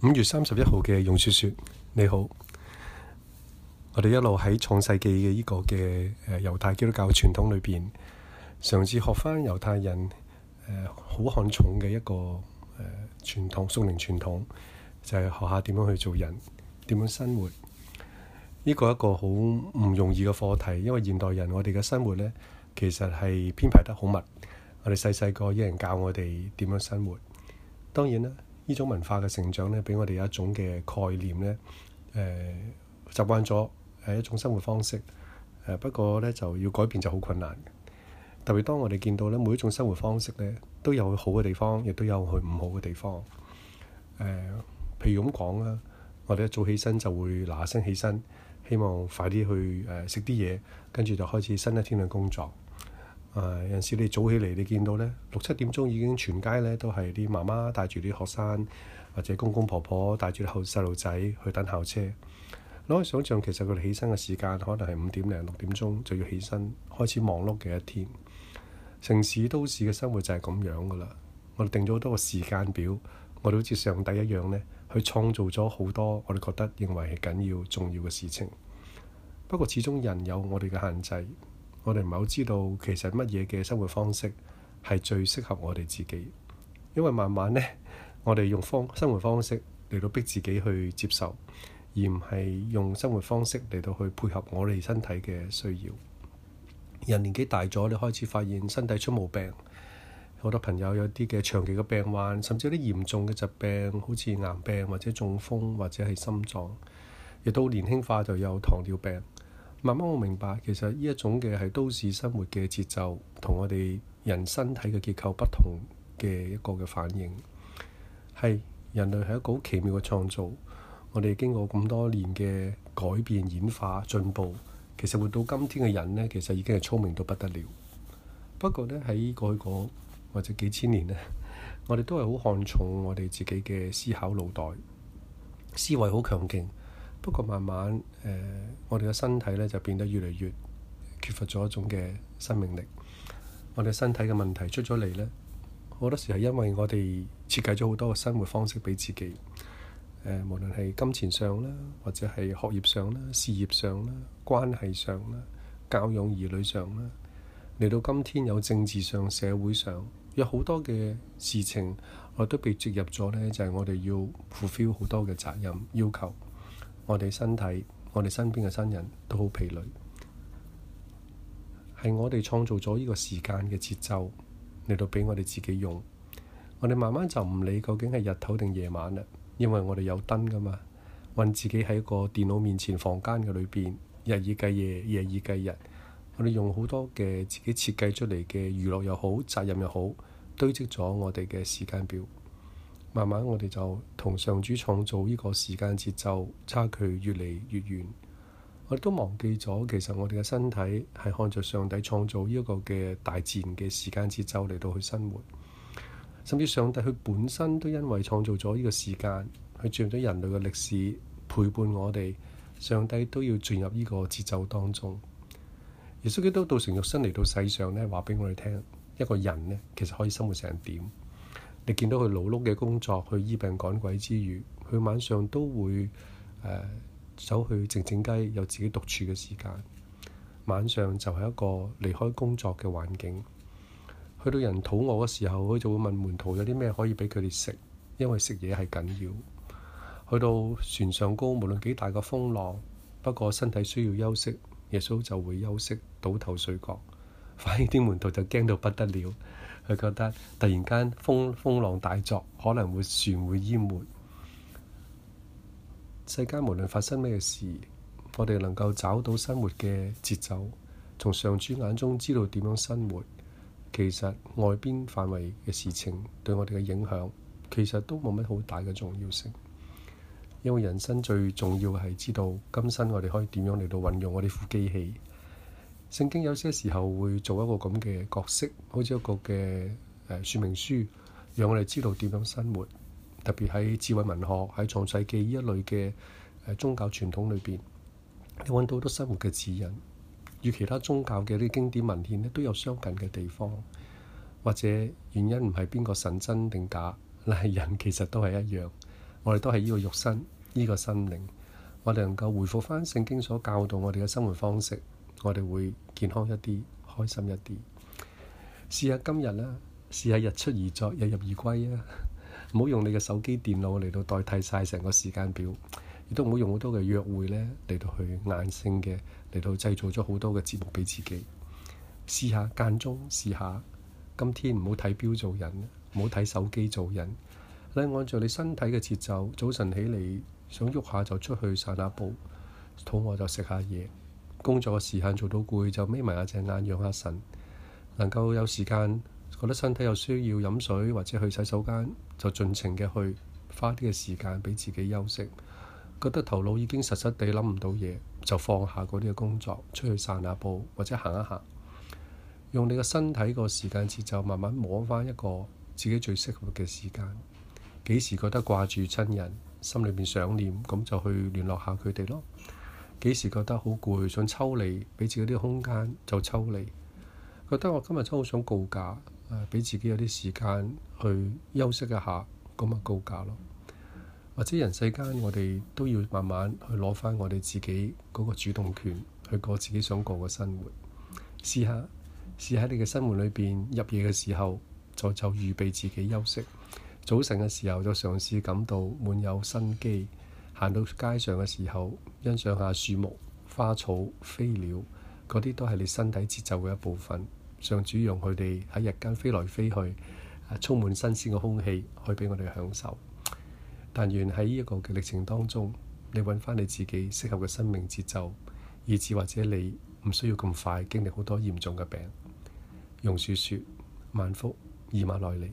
五月三十一號嘅勇雪雪，你好。我哋一路喺創世紀嘅呢個嘅誒猶太基督教傳統裏邊，嘗試學返猶太人誒好看重嘅一個誒傳統，蘇靈傳統，就係、是、學下點樣去做人，點樣生活。呢、這個一個好唔容易嘅課題，因為現代人我哋嘅生活呢，其實係編排得好密。我哋細細個有人教我哋點樣生活，當然啦。呢種文化嘅成長咧，俾我哋有一種嘅概念咧，誒、呃、習慣咗係一種生活方式，誒、呃、不過咧就要改變就好困難嘅。特別當我哋見到咧每一種生活方式咧，都有好嘅地方，亦都有佢唔好嘅地方。呃、譬如咁講啦，我哋一早起身就會嗱嗱聲起身，希望快啲去誒食啲嘢，跟住就開始新一天嘅工作。誒、啊、有陣時你早起嚟，你見到呢六七點鐘已經全街呢都係啲媽媽帶住啲學生，或者公公婆婆帶住啲細路仔去等校車。攞嚟想像，其實佢哋起身嘅時間可能係五點零六點鐘就要起身，開始忙碌嘅一天。城市都市嘅生活就係咁樣噶啦。我哋定咗好多個時間表，我哋好似上帝一樣呢，去創造咗好多我哋覺得認為係緊要重要嘅事情。不過始終人有我哋嘅限制。我哋唔係好知道其實乜嘢嘅生活方式係最適合我哋自己，因為慢慢呢，我哋用方生活方式嚟到逼自己去接受，而唔係用生活方式嚟到去配合我哋身體嘅需要。人年紀大咗，你開始發現身體出毛病，好多朋友有啲嘅長期嘅病患，甚至啲嚴重嘅疾病，好似癌病或者中風或者係心臟，亦都年輕化就有糖尿病。慢慢我明白，其實呢一種嘅係都市生活嘅節奏，同我哋人身體嘅結構不同嘅一個嘅反應，係人類係一個好奇妙嘅創造。我哋經過咁多年嘅改變、演化、進步，其實活到今天嘅人呢，其實已經係聰明到不得了。不過呢，喺過去嗰或者幾千年呢，我哋都係好看重我哋自己嘅思考腦袋，思維好強勁。不過，慢慢、呃、我哋嘅身體咧就變得越嚟越缺乏咗一種嘅生命力。我哋身體嘅問題出咗嚟咧，好多時係因為我哋設計咗好多嘅生活方式俾自己。誒、呃，無論係金錢上啦，或者係學業上啦、事業上啦、關係上啦、教養兒女上啦，嚟到今天有政治上、社會上，有好多嘅事情我哋都被植入咗咧，就係、是、我哋要 fulfill 好多嘅責任要求。我哋身體，我哋身邊嘅新人都好疲累，係我哋創造咗呢個時間嘅節奏嚟到俾我哋自己用。我哋慢慢就唔理究竟係日頭定夜晚啦，因為我哋有燈㗎嘛。運自己喺個電腦面前房間嘅裏邊，日以繼夜，夜以繼日。我哋用好多嘅自己設計出嚟嘅娛樂又好，責任又好，堆積咗我哋嘅時間表。慢慢我哋就同上主創造呢個時間節奏差距越嚟越遠，我哋都忘記咗，其實我哋嘅身體係看着上帝創造呢個嘅大自然嘅時間節奏嚟到去生活，甚至上帝佢本身都因為創造咗呢個時間，去進入人類嘅歷史陪伴我哋，上帝都要進入呢個節奏當中。耶穌基督道成肉身嚟到世上咧，話俾我哋聽，一個人咧其實可以生活成點。你見到佢勞碌嘅工作，去醫病趕鬼之餘，佢晚上都會、呃、走去靜靜雞，有自己獨處嘅時間。晚上就係一個離開工作嘅環境。去到人肚餓嘅時候，佢就會問門徒有啲咩可以俾佢哋食，因為食嘢係緊要。去到船上高，無論幾大嘅風浪，不過身體需要休息，耶穌就會休息倒頭睡覺。反而啲門徒就驚到不得了。佢覺得突然間風風浪大作，可能會船會淹沒。世間無論發生咩事，我哋能夠找到生活嘅節奏，從上主眼中知道點樣生活。其實外邊範圍嘅事情對我哋嘅影響，其實都冇乜好大嘅重要性。因為人生最重要係知道今生我哋可以點樣嚟到運用我呢副機器。聖經有些時候會做一個咁嘅角色，好似一個嘅誒說明書，讓我哋知道點樣生活。特別喺智慧文學、喺創世記呢一類嘅宗教傳統裏邊，你揾到好多生活嘅指引，與其他宗教嘅啲經典文獻咧都有相近嘅地方。或者原因唔係邊個神真定假，但係人其實都係一樣。我哋都係依個肉身、依個心靈，我哋能夠回復翻聖經所教導我哋嘅生活方式。我哋會健康一啲，開心一啲。試下今日啦，試下日出而作，日入而歸啊！唔 好用你嘅手機、電腦嚟到代替晒成個時間表，亦都唔好用好多嘅約會呢嚟到去硬性嘅嚟到製造咗好多嘅節目俾自己。試下間中試下，試下今天唔好睇表做人，唔好睇手機做人。你按照你身體嘅節奏，早晨起嚟想喐下就出去散下步，肚餓就食下嘢。工作嘅時間做到攰，就眯埋一隻眼養下神，能夠有時間覺得身體有需要飲水或者去洗手間，就盡情嘅去花啲嘅時間俾自己休息。覺得頭腦已經實實地諗唔到嘢，就放下嗰啲嘅工作，出去散下步或者行一行，用你嘅身體個時間節奏慢慢摸翻一個自己最適合嘅時間。幾時覺得掛住親人，心裏面想念，咁就去聯絡下佢哋咯。幾時覺得好攰，想抽離，俾自己啲空間就抽離；覺得我今日真好想告假，誒、啊，俾自己有啲時間去休息一下，咁咪告假咯。或者人世間，我哋都要慢慢去攞翻我哋自己嗰個主動權，去過自己想過嘅生活。試下，試下你嘅生活裏邊入夜嘅時候，就就預備自己休息；早晨嘅時候，就嘗試感到滿有生機。行到街上嘅時候，欣賞下樹木、花草、飛鳥，嗰啲都係你身體節奏嘅一部分。上主用佢哋喺日間飛來飛去，充滿新鮮嘅空氣去俾我哋享受。但願喺呢一個嘅歷程當中，你揾翻你自己適合嘅生命節奏，以致或者你唔需要咁快經歷好多嚴重嘅病。榕樹說：萬福以馬內利。